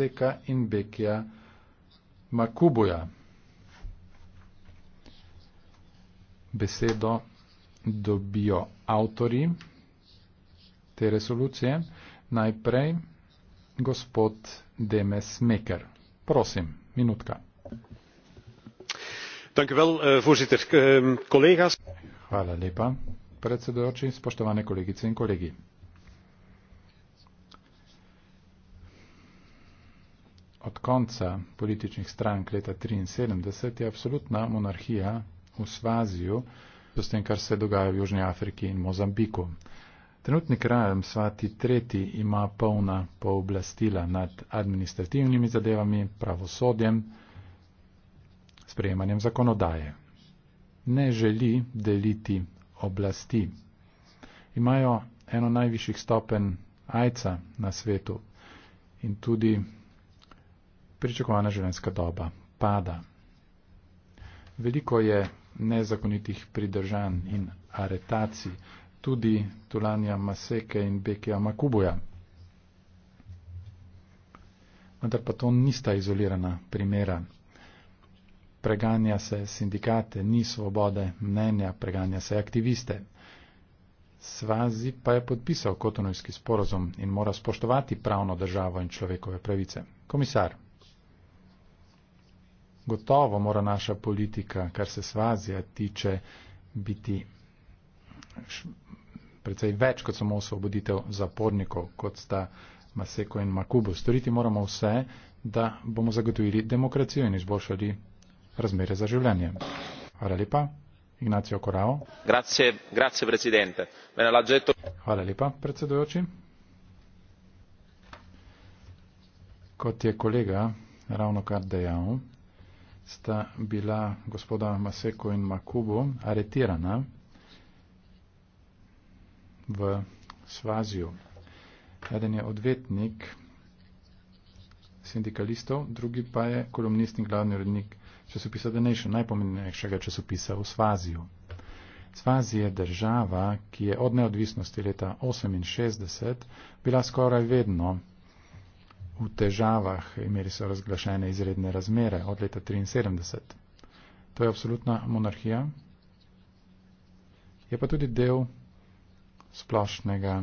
Ceka in Bekija Makubuja. Besedo dobijo avtori te resolucije. Najprej gospod Demes Meker. Prosim, minutka. Dank u wel, eh, voorzitter. Ehm, collega's. Hvala lepa, predsedujoči, spoštovane kolegice in kolegi. od konca političnih strank leta 1973 je absolutna monarhija v Svaziju, s tem, kar se dogaja v Južnji Afriki in Mozambiku. Trenutni kralj Svati III. ima polna pooblastila nad administrativnimi zadevami, pravosodjem, sprejemanjem zakonodaje. Ne želi deliti oblasti. Imajo eno najvišjih stopen ajca na svetu in tudi pričakovana življenjska doba pada. Veliko je nezakonitih pridržanj in aretacij, tudi Tulanja Maseke in Bekija Makubuja. Vendar pa to nista izolirana primera. Preganja se sindikate, ni svobode mnenja, preganja se aktiviste. Svazi pa je podpisal kotonojski sporozum in mora spoštovati pravno državo in človekove pravice. Komisar gotovo mora naša politika, kar se svazija tiče, biti predvsej več kot samo osvoboditev zapornikov, kot sta Maseko in Makubo. Storiti moramo vse, da bomo zagotovili demokracijo in izboljšali razmere za življenje. Hvala lepa. Ignacio Corao. Grazie, grazie presidente. Bene, getto... Hvala lepa, predsedujoči. Kot je kolega ravno kar dejal, sta bila gospoda Maseko in Makubo aretirana v Svazijo. Eden je odvetnik sindikalistov, drugi pa je kolumnist in glavni urednik časopisa The Nation, najpomembnejšega časopisa v Svazijo. Svazi je država, ki je od neodvisnosti leta 1968 bila skoraj vedno v težavah, imeli so razglašene izredne razmere od leta 1973. To je absolutna monarhija. Je pa tudi del splošnega,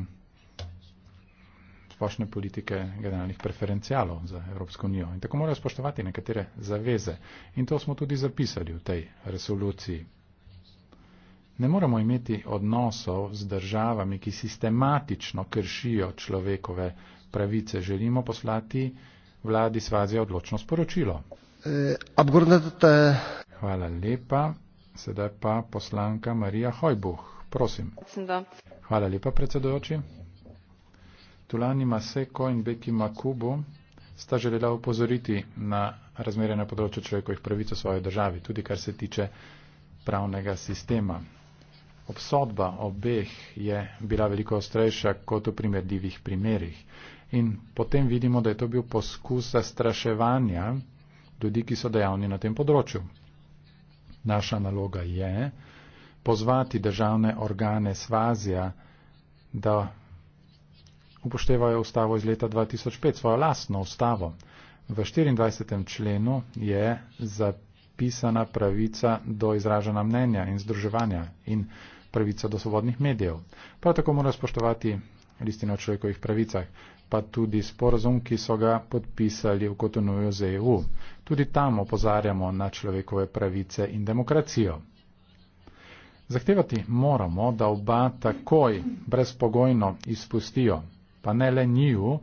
splošne politike generalnih preferencialov za Evropsko unijo. In tako morajo spoštovati nekatere zaveze. In to smo tudi zapisali v tej resoluciji. Ne moramo imeti odnosov z državami, ki sistematično kršijo človekove pravice pravice želimo poslati vladi Svazija odločno sporočilo. E, Hvala lepa. Sedaj pa poslanka Marija Hojbuh. Prosim. Hvala lepa, predsedojoči. Tulani Maseko in Beki Makubu sta želela upozoriti na razmere na področju človekovih pravic v svoji državi, tudi kar se tiče pravnega sistema. Obsodba obeh je bila veliko ostrejša kot v primerljivih primerih. In potem vidimo, da je to bil poskus zastraševanja ljudi, ki so dejavni na tem področju. Naša naloga je pozvati državne organe Svazija, da upoštevajo ustavo iz leta 2005, svojo lastno ustavo. V 24. členu je zapisana pravica do izražena mnenja in združevanja in pravica do svobodnih medijev. Prav tako morajo spoštovati listino o človekovih pravicah pa tudi sporozum, ki so ga podpisali v Kotonuju z EU. Tudi tam opozarjamo na človekove pravice in demokracijo. Zahtevati moramo, da oba takoj brezpogojno izpustijo, pa ne le njiju,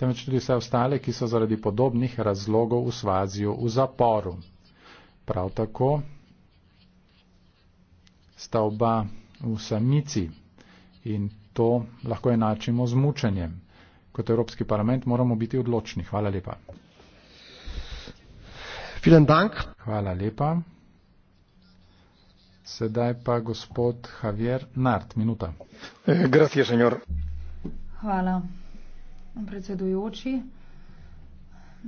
temveč tudi vse ostale, ki so zaradi podobnih razlogov v Svazijo v zaporu. Prav tako sta oba v samici in to lahko enačimo z mučenjem kot Evropski parlament moramo biti odločni. Hvala lepa. Hvala lepa. Sedaj pa gospod Javier Nart, minuta. Eh, gracias, senor. Hvala, predsedujoči.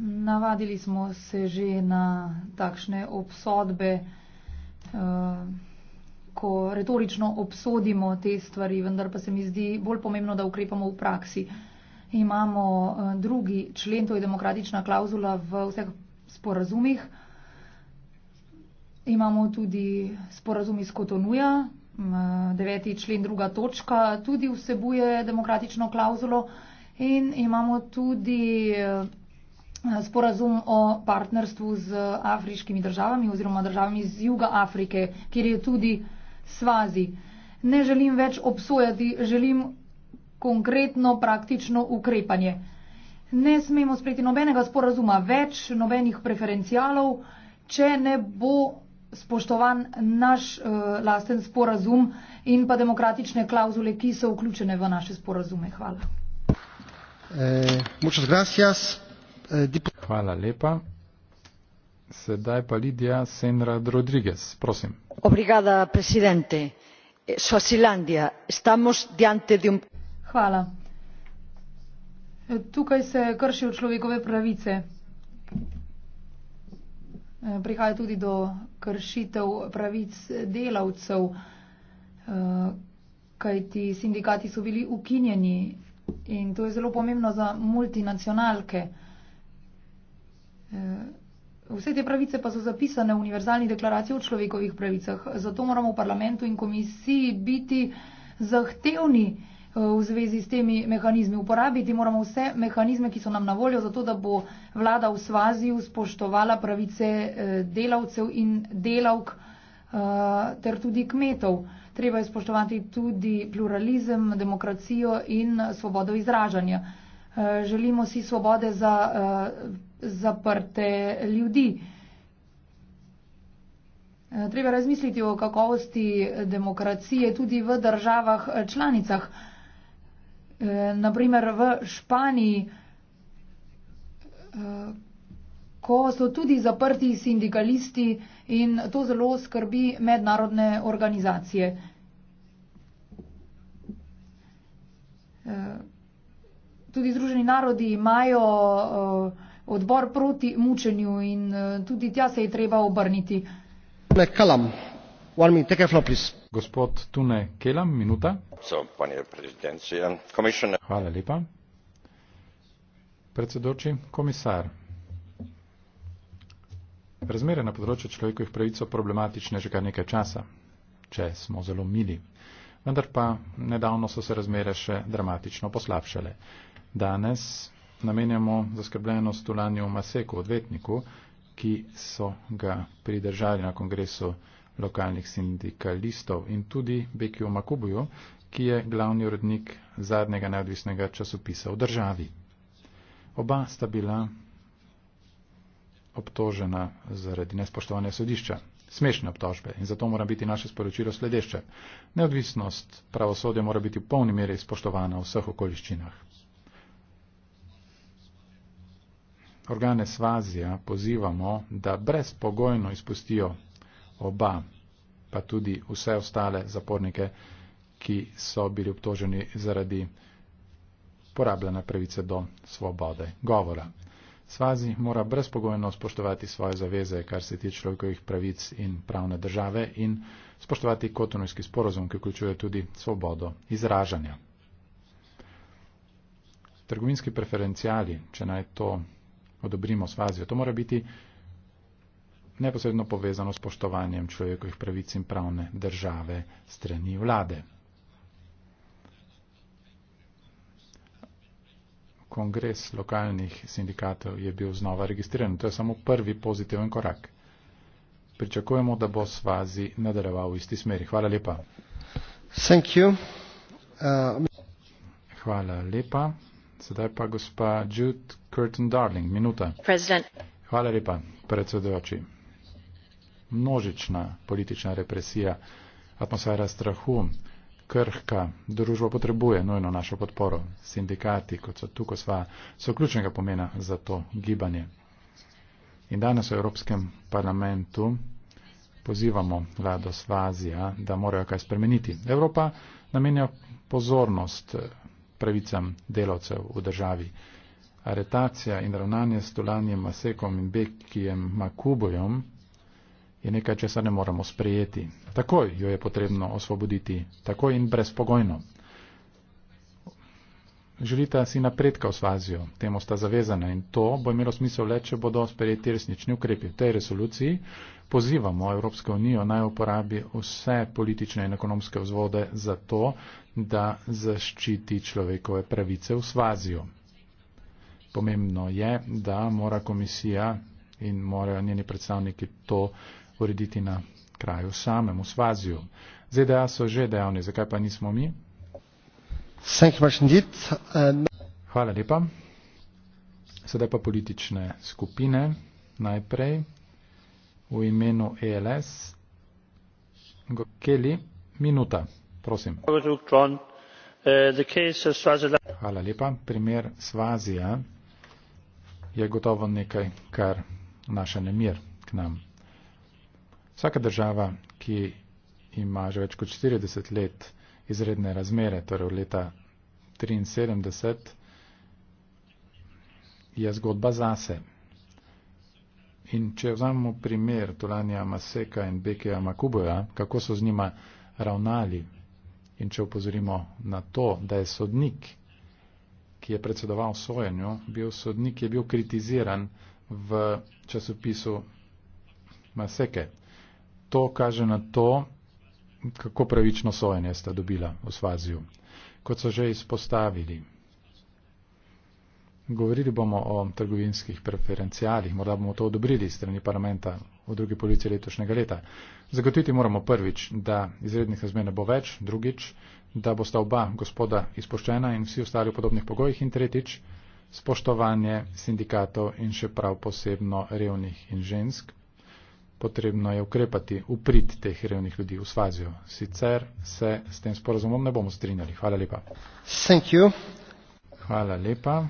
Navadili smo se že na takšne obsodbe, eh, ko retorično obsodimo te stvari, vendar pa se mi zdi bolj pomembno, da ukrepamo v praksi imamo eh, drugi člen, to je demokratična klauzula v vseh sporazumih. Imamo tudi sporazum iz Kotonuja, deveti člen, druga točka, tudi vsebuje demokratično klauzulo in imamo tudi eh, sporazum o partnerstvu z afriškimi državami oziroma državami z juga Afrike, kjer je tudi Svazi. Ne želim več obsojati, želim konkretno praktično ukrepanje. Ne smemo sprejeti nobenega sporazuma več, nobenih preferencialov, če ne bo spoštovan naš uh, lasten sporazum in pa demokratične klauzule, ki so vključene v naše sporazume. Hvala. Eh, gracias, eh, dip... Hvala lepa. Sedaj pa Lidija Senrad Rodriguez, prosim. Obrigada, presidente. Eh, Suazilandija, estamos diante de un... Hvala. Tukaj se kršijo človekove pravice. Prihaja tudi do kršitev pravic delavcev, kajti sindikati so bili ukinjeni in to je zelo pomembno za multinacionalke. Vse te pravice pa so zapisane v univerzalni deklaraciji o človekovih pravicah. Zato moramo v parlamentu in komisiji biti zahtevni v zvezi s temi mehanizmi. Uporabiti moramo vse mehanizme, ki so nam na voljo, zato da bo vlada v Svaziju spoštovala pravice eh, delavcev in delavk eh, ter tudi kmetov. Treba je spoštovati tudi pluralizem, demokracijo in svobodo izražanja. Eh, želimo si svobode za zaprte ljudi. Treba razmisliti o kakovosti demokracije tudi v državah članicah. Eh, naprimer v Španiji, eh, ko so tudi zaprti sindikalisti in to zelo skrbi mednarodne organizacije. Eh, tudi Združeni narodi imajo odbor proti mučenju in tudi tja se je treba obrniti. Kalam, one minute, take a floor, please hvala lepa predsedoči komisar razmere na področju človekovih pravic so problematične že kar nekaj časa če smo zelo mili vendar pa nedavno so se razmere še dramatično poslabšale danes namenjamo zaskrbljenost tulanju maseku odvetniku ki so ga pridržali na kongresu lokalnih sindikalistov in tudi Bekiju Makubuju, ki je glavni urednik zadnjega neodvisnega časopisa v državi. Oba sta bila obtožena zaradi nespoštovanja sodišča. Smešne obtožbe in zato mora biti naše sporočilo sledeče. Neodvisnost pravosodja mora biti v polni meri spoštovana v vseh okoliščinah. Organe Svazija pozivamo, da brezpogojno izpustijo oba, pa tudi vse ostale zapornike, ki so bili obtoženi zaradi porabljene pravice do svobode govora. Svazi mora brezpogojno spoštovati svoje zaveze, kar se tiče človekovih pravic in pravne države in spoštovati kotonojski sporozum, ki vključuje tudi svobodo izražanja. Trgovinski preferencijali, če naj to odobrimo svazijo, to mora biti neposredno povezano s poštovanjem človekovih pravic in pravne države strani vlade. Kongres lokalnih sindikatov je bil znova registriran. To je samo prvi pozitiven korak. Pričakujemo, da bo Svazi nadaljeval v isti smeri. Hvala lepa. Thank you. Uh, Hvala lepa. Sedaj pa gospa Jude Curtin Darling. Minuta. President. Hvala lepa, predsedujoči množična politična represija, atmosfera strahu, krhka družba potrebuje nujno našo podporo. Sindikati, kot so tu, ko sva, so ključnega pomena za to gibanje. In danes v Evropskem parlamentu pozivamo vlado Svazija, da morajo kaj spremeniti. Evropa namenja pozornost pravicam delavcev v državi. Aretacija in ravnanje s Tulanjem Masekom in Bekijem Makubojem je nekaj, če se ne moremo sprejeti. Takoj jo je potrebno osvoboditi, takoj in brezpogojno. Želite si napredka v svazijo, temu sta zavezana in to bo imelo smisel le, če bodo sprejeti resnični ukrepi. V tej resoluciji pozivamo Evropsko unijo naj uporabi vse politične in ekonomske vzvode za to, da zaščiti človekove pravice v svazijo. Pomembno je, da mora komisija in morajo njeni predstavniki to usporediti na kraju samem, v Svazijo. ZDA so že dejavni, zakaj pa nismo mi? Uh, Hvala lepa. Sedaj pa politične skupine. Najprej v imenu ELS. Gokeli, minuta, prosim. Hvala lepa. Primer Svazija je gotovo nekaj, kar naša nemir k nam Vsaka država, ki ima že več kot 40 let izredne razmere, torej od leta 1973, je zgodba zase. In če vzamemo primer Tulanja Maseka in Bekeja Makuboja, kako so z njima ravnali in če upozorimo na to, da je sodnik, ki je predsedoval sojenju, bil sodnik, ki je bil kritiziran v časopisu Maseke to kaže na to, kako pravično sojenje sta dobila v Svaziju, kot so že izpostavili. Govorili bomo o trgovinskih preferencijalih, morda bomo to odobrili strani parlamenta v drugi polici letošnjega leta. Zagotoviti moramo prvič, da izrednih razmer ne bo več, drugič, da bosta oba gospoda izpoščena in vsi ostali v podobnih pogojih in tretjič, spoštovanje sindikatov in še prav posebno revnih in žensk potrebno je ukrepati v prid teh revnih ljudi v Svazijo. Sicer se s tem sporozumom ne bomo strinjali. Hvala lepa. Thank you. Hvala lepa.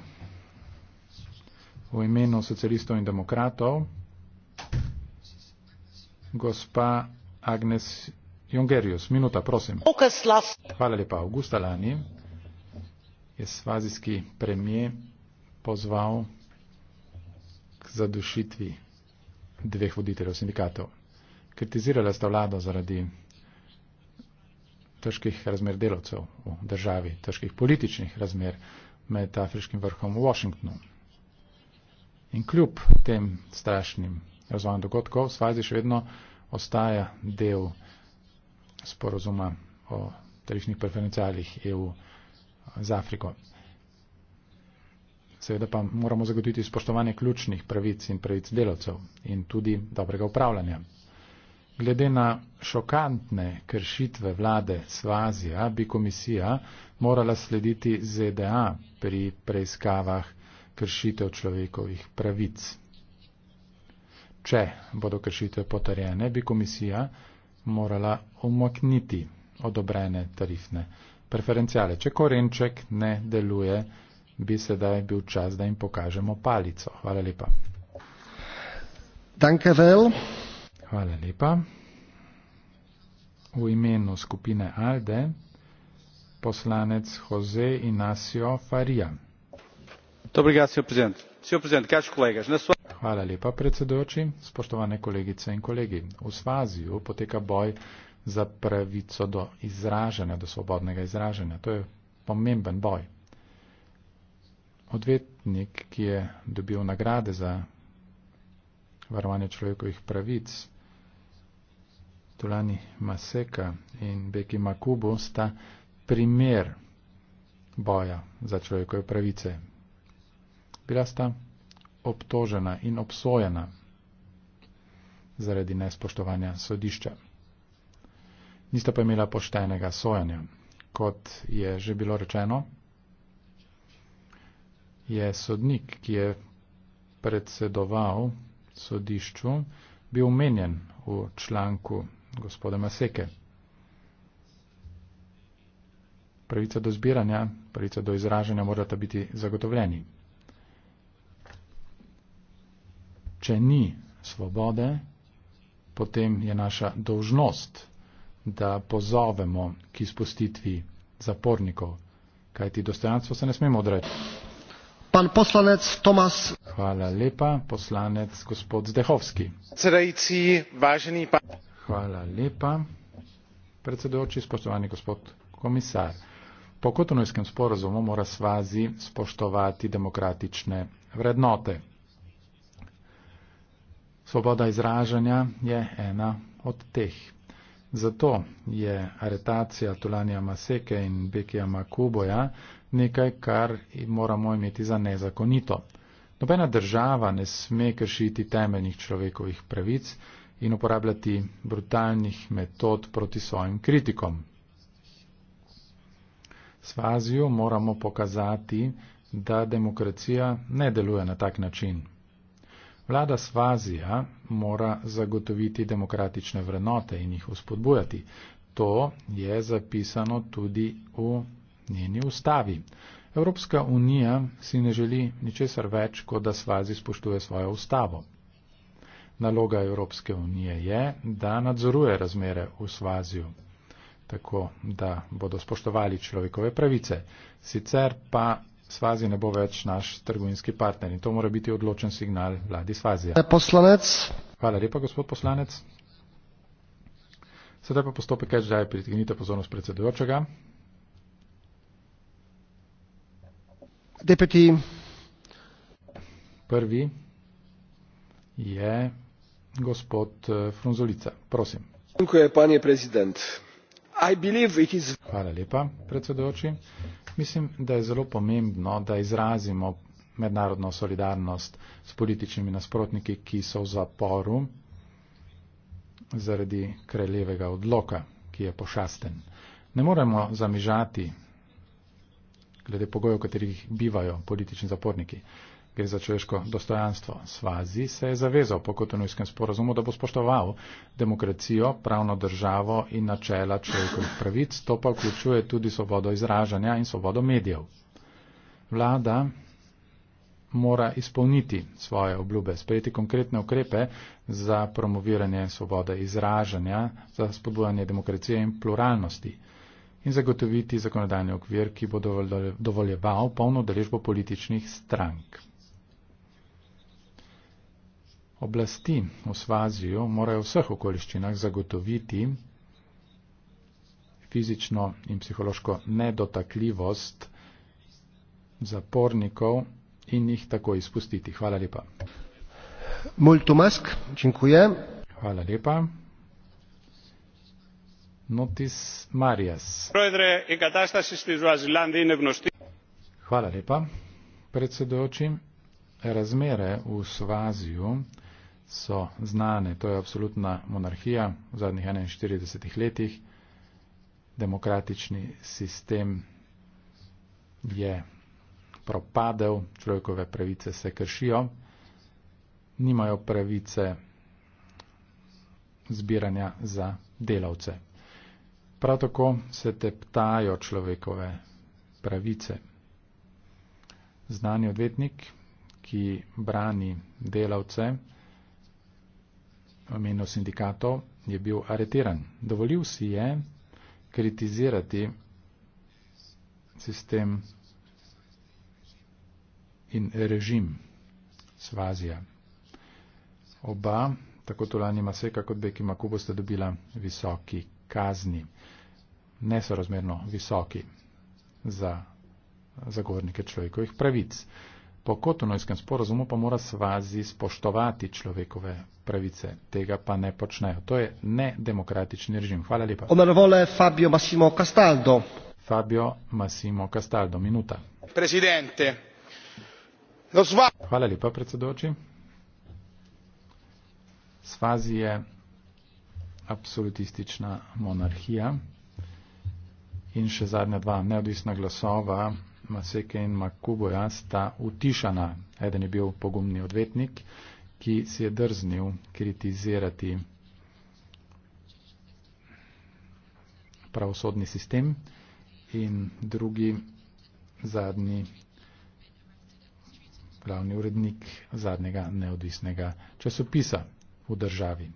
V imenu socialistov in demokratov, gospa Agnes Jongerius, minuta, prosim. Hvala lepa. Augusta lani je svazijski premije pozval k zadušitvi dveh voditeljev sindikatov. Kritizirala sta vlado zaradi težkih razmer delovcev v državi, težkih političnih razmer med afriškim vrhom v Washingtonu. In kljub tem strašnim razvojem dogodkov, Svazi še vedno ostaja del sporozuma o tarifnih preferencialih EU z Afriko seveda pa moramo zagotoviti spoštovanje ključnih pravic in pravic delavcev in tudi dobrega upravljanja. Glede na šokantne kršitve vlade Svazija bi komisija morala slediti ZDA pri preiskavah kršitev človekovih pravic. Če bodo kršitve potrjene, bi komisija morala umakniti odobrene tarifne preferencijale. Če korenček ne deluje, bi sedaj bil čas, da jim pokažemo palico. Hvala lepa. Danke vel. Hvala lepa. V imenu skupine Alde poslanec Jose Inacio Faria. Hvala lepa, predsedujoči. Spoštovane kolegice in kolegi. V Svaziju poteka boj za pravico do izražanja, do svobodnega izražanja. To je pomemben boj odvetnik, ki je dobil nagrade za varovanje človekovih pravic, Tulani Maseka in Beki Makubo, sta primer boja za človekove pravice. Bila sta obtožena in obsojena zaradi nespoštovanja sodišča. Nista pa imela poštenega sojanja. Kot je že bilo rečeno, je sodnik, ki je predsedoval sodišču, bil omenjen v članku gospoda Maseke. Pravica do zbiranja, pravica do izražanja morata biti zagotovljeni. Če ni svobode, potem je naša dožnost, da pozovemo k izpustitvi zapornikov, kajti dostojanstvo se ne smemo odreči. Pan poslanec Tomas. Hvala lepa, poslanec gospod Zdehovski. Predsedajci, važeni pa. Hvala lepa, predsedujoči, spoštovani gospod komisar. Po kotonojskem sporazumu mora Svazi spoštovati demokratične vrednote. Svoboda izražanja je ena od teh. Zato je aretacija Tulanja Maseke in Bekija Makuboja nekaj, kar moramo imeti za nezakonito. Nobena država ne sme kršiti temeljnih človekovih pravic in uporabljati brutalnih metod proti svojim kritikom. Svazijo moramo pokazati, da demokracija ne deluje na tak način. Vlada Svazija mora zagotoviti demokratične vrednote in jih uspodbujati. To je zapisano tudi v njeni ustavi. Evropska unija si ne želi ničesar več, kot da Svazi spoštuje svojo ustavo. Naloga Evropske unije je, da nadzoruje razmere v Svaziju, tako da bodo spoštovali človekove pravice. Sicer pa Svazi ne bo več naš trgovinski partner in to mora biti odločen signal vladi Svazija. Poslanec. Hvala lepa, gospod poslanec. Sedaj pa postopek več daje, pritegnite pozornost predsedujočega. Deputi. Prvi je gospod eh, Frunzolica. Prosim. Hvala lepa, predsedujoči. Mislim, da je zelo pomembno, da izrazimo mednarodno solidarnost s političnimi nasprotniki, ki so v zaporu zaradi kraljevega odloka, ki je pošasten. Ne moremo zamižati glede pogojev, v katerih bivajo politični zaporniki gre za človeško dostojanstvo. Svazi se je zavezal po kotonujskem sporazumu, da bo spoštoval demokracijo, pravno državo in načela človekovih pravic. To pa vključuje tudi svobodo izražanja in svobodo medijev. Vlada mora izpolniti svoje obljube, sprejeti konkretne ukrepe za promoviranje svobode izražanja, za spodbujanje demokracije in pluralnosti in zagotoviti zakonodajni okvir, ki bo dovoljeval polno deležbo političnih strank. Oblasti v Svazijo morajo v vseh okoliščinah zagotoviti fizično in psihološko nedotakljivost zapornikov in jih tako izpustiti. Hvala lepa. Molto mask, dziękuję. Hvala lepa. Notis Marias. Proedre, i katastasi sti Zuazilandi ne gnosti. Hvala lepa. Predsedujoči, razmere v Svaziju so znane. To je absolutna monarhija v zadnjih 41 letih. Demokratični sistem je propadel, človekove pravice se kršijo, nimajo pravice zbiranja za delavce. Prav tako se teptajo človekove pravice. Znani odvetnik, ki brani delavce, v imenu sindikatov, je bil aretiran. Dovolil si je kritizirati sistem in režim Svazija. Oba, tako Tulani Maseka kot Beki Makubo, sta dobila visoki kazni, nesorazmerno visoki za zagovornike človekovih pravic. Po kotonojskem sporozumu pa mora svazi spoštovati človekove pravice. Tega pa ne počnejo. To je nedemokratični režim. Hvala lepa. Onorevole Fabio Massimo Castaldo. Fabio Massimo Castaldo, minuta. Presidente. Sva... Hvala lepa, predsedoči. Svazi je absolutistična monarhija in še zadnja dva neodvisna glasova Maseke in Makuboja sta utišana. Eden je bil pogumni odvetnik, ki si je drznil kritizirati pravosodni sistem in drugi zadnji glavni urednik zadnjega neodvisnega časopisa v državi.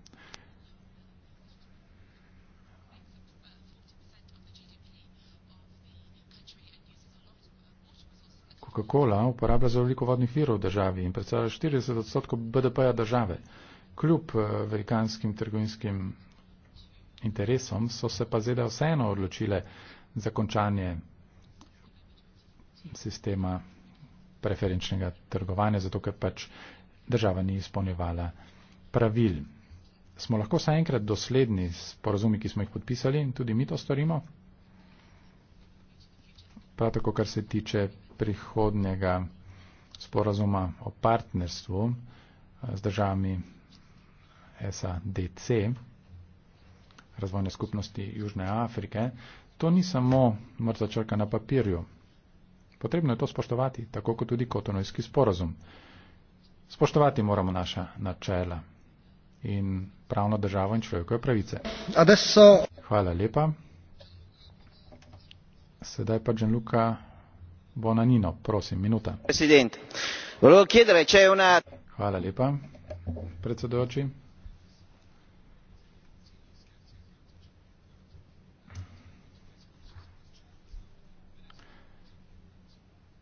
Coca-Cola uporablja za veliko vodnih virov v državi in predstavlja 40 odstotkov BDP-ja države. Kljub eh, velikanskim trgovinskim interesom so se pa zeda vseeno odločile za končanje sistema preferenčnega trgovanja, zato ker pač država ni izpolnjevala pravil. Smo lahko saj enkrat dosledni s porazumi, ki smo jih podpisali in tudi mi to storimo? prav tako kar se tiče prihodnega sporazuma o partnerstvu eh, z državami SADC, razvojne skupnosti Južne Afrike, to ni samo mrtva črka na papirju. Potrebno je to spoštovati, tako kot tudi kotonojski sporazum. Spoštovati moramo naša načela in pravno državo in človekove pravice. Adesso. Hvala lepa. Sedaj pa Gianluca Bonanino, prosim, minuta. President, volevo chiedere, c'è una. Hvala lepa, predsedujoči.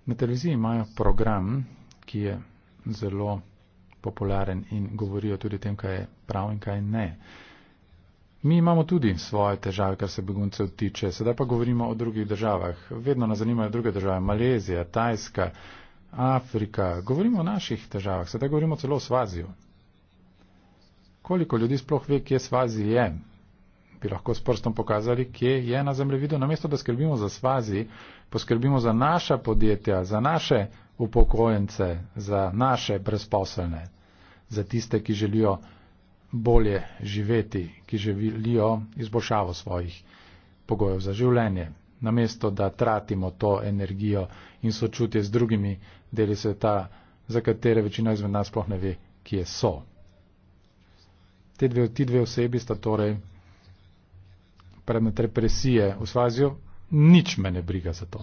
Na televiziji imajo program, ki je zelo popularen in govorijo tudi o tem, kaj je prav in kaj ne. Uh, Mi imamo tudi svoje težave, kar se beguncev tiče. Sedaj pa govorimo o drugih državah. Vedno nas zanimajo druge države. Malezija, Tajska, Afrika. Govorimo o naših težavah. Sedaj govorimo celo o Svazijo. Koliko ljudi sploh ve, kje Svazi je? Bi lahko s prstom pokazali, kje je na zemljevidu. Namesto, da skrbimo za Svazi, poskrbimo za naša podjetja, za naše upokojence, za naše brezposelne, za tiste, ki želijo bolje živeti, ki želijo izboljšavo svojih pogojev za življenje. Namesto, da tratimo to energijo in sočutje z drugimi deli sveta, za katere večina izmed nas sploh ne ve, kje so. Te dve, ti dve osebi sta torej predmet represije v Svazijo. Nič me ne briga za to.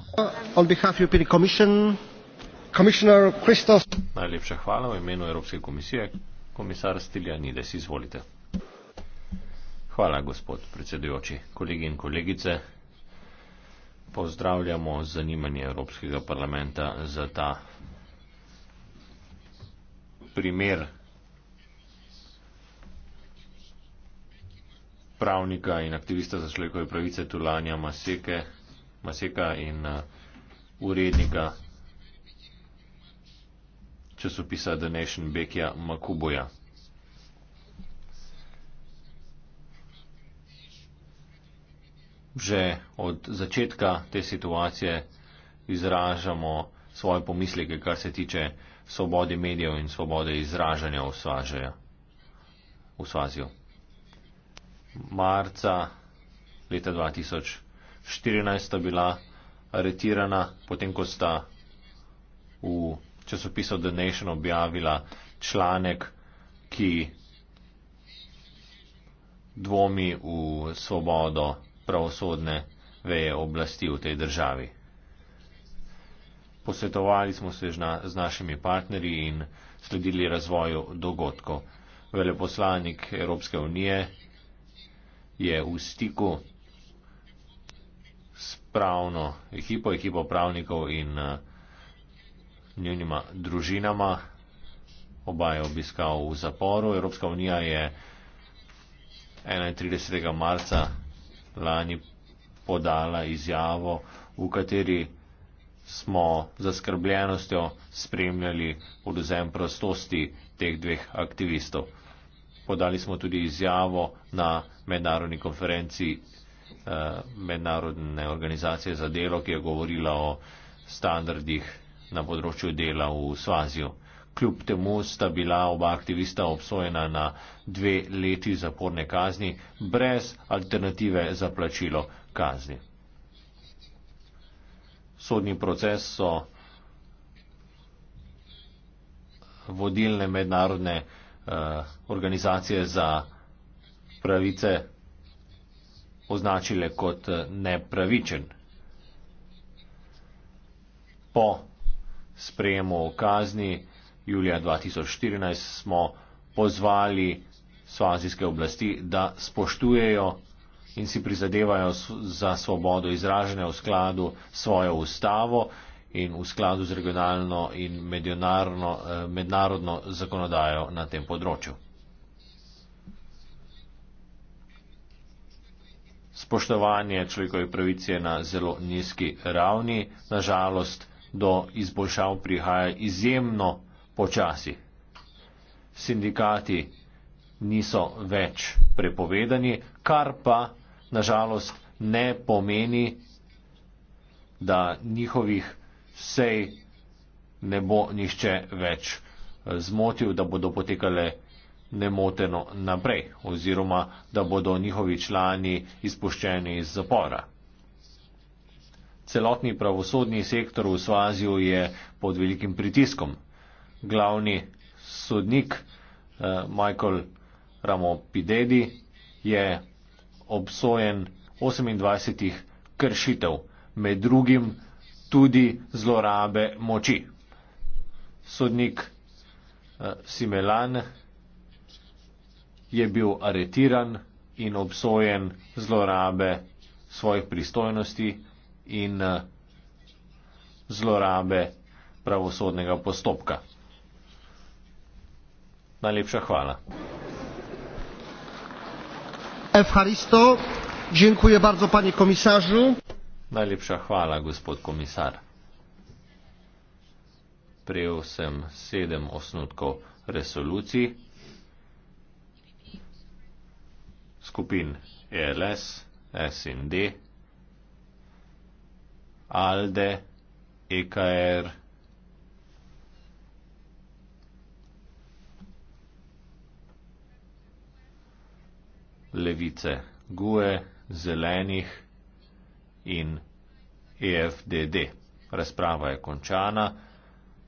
Najlepša hvala v imenu Evropske komisije komisar Stiljanides, izvolite. Hvala, gospod predsedujoči. Kolegi in kolegice, pozdravljamo zanimanje Evropskega parlamenta za ta primer pravnika in aktivista za človekove pravice Tulanja Maseke, Maseka in uh, urednika časopisa Danešn Bekja Makuboja. Že od začetka te situacije izražamo svoje pomisleke, kar se tiče svobode medijev in svobode izražanja v Svazijo. Marca leta 2014 sta bila aretirana, potem ko sta v časopisu The Nation objavila članek, ki dvomi v svobodo pravosodne veje oblasti v tej državi. Posvetovali smo se žna, z našimi partnerji in sledili razvoju dogodkov. Veleposlanik Evropske unije je v stiku s pravno ekipo, ekipo pravnikov in uh, njenima družinama. Oba je obiskal v zaporu. Evropska unija je 31. marca lani podala izjavo, v kateri smo z zaskrbljenostjo spremljali oduzem prostosti teh dveh aktivistov. Podali smo tudi izjavo na mednarodni konferenci eh, Mednarodne organizacije za delo, ki je govorila o standardih na področju dela v Svazijo. Kljub temu sta bila oba aktivista obsojena na dve leti zaporne kazni brez alternative za plačilo kazni. Sodni proces so vodilne mednarodne eh, organizacije za pravice označile kot eh, nepravičen. Po sprejemu kazni julija 2014 smo pozvali svazijske oblasti, da spoštujejo in si prizadevajo za svobodo izražene v skladu svojo ustavo in v skladu z regionalno in eh, mednarodno zakonodajo na tem področju. Spoštovanje človekovih pravic je na zelo nizki ravni. Nažalost, do izboljšav prihaja izjemno počasi. Sindikati niso več prepovedani, kar pa nažalost ne pomeni, da njihovih sej ne bo nišče več eh, zmotil, da bodo potekale nemoteno naprej oziroma da bodo njihovi člani izpuščeni iz zapora. Celotni pravosodni sektor v Svazijo je pod velikim pritiskom. Glavni sodnik eh, Michael Ramopidedi je obsojen 28 kršitev, med drugim tudi zlorabe moči. Sodnik eh, Similan je bil aretiran in obsojen zlorabe svojih pristojnosti in eh, zlorabe pravosodnega postopka. Najlepša hvala. Evharisto, dziękuję bardzo panie komisarzu. Najlepša hvala, gospod komisar. Prejel sem sedem osnutkov resolucij skupin ELS, SND. Alde, EKR. Levice GUE, zelenih in EFDD. Razprava je končana,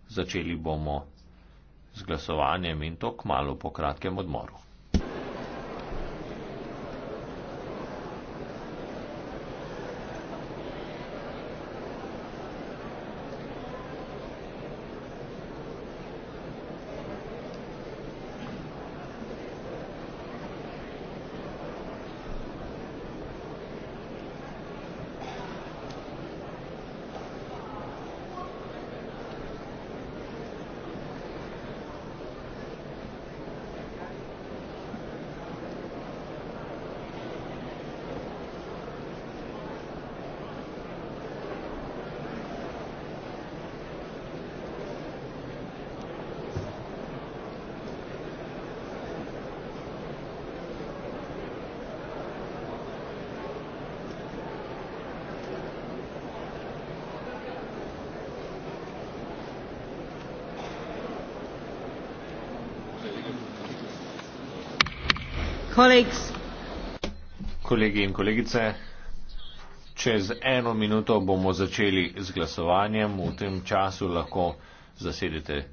začeli bomo z glasovanjem in to kmalo po kratkem odmoru. Kolegi in kolegice, čez eno minuto bomo začeli z glasovanjem. V tem času lahko zasedete